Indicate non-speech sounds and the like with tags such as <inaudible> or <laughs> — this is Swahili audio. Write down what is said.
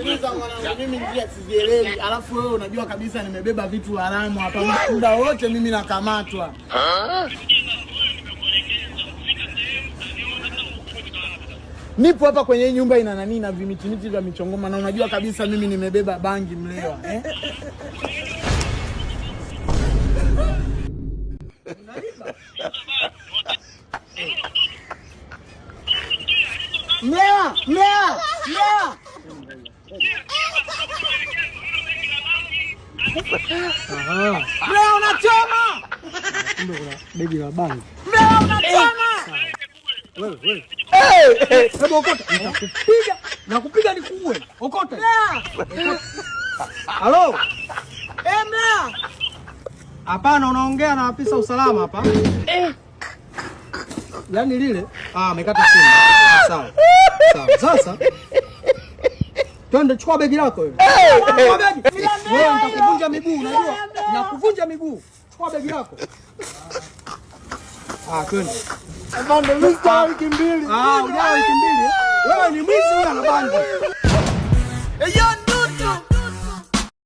unakuta unakuta mimi njia sizielewi, alafu wewe unajua kabisa nimebeba vitu haramu hapa, muda wote mimi nakamatwa. Nipo hapa kwenye nyumba ina nani na vimitimiti vya michongoma, na unajua kabisa mimi nimebeba bangi mlewa eh? <laughs> Mlewa, mlewa, mlewa. Mlewa unachoma. Kumbe kuna begi la bangi. Mlewa unachoma. Wewe, wewe. Eh, hebu okota. Nitakupiga, nakupiga nikuue. Okota. Halo. Eh, mlewa. Hapana, unaongea na afisa usalama hapa. Eh. Yaani lile, ah, amekata simu. Sawa sasa. Twende chukua begi lako wewe. Wewe nitakuvunja miguu unajua? Nakuvunja miguu. Chukua begi lako. Ah, twende. Afande, mimi sitaki mbili. Ah, unao wiki mbili. Wewe ni mwizi, wewe anabandi.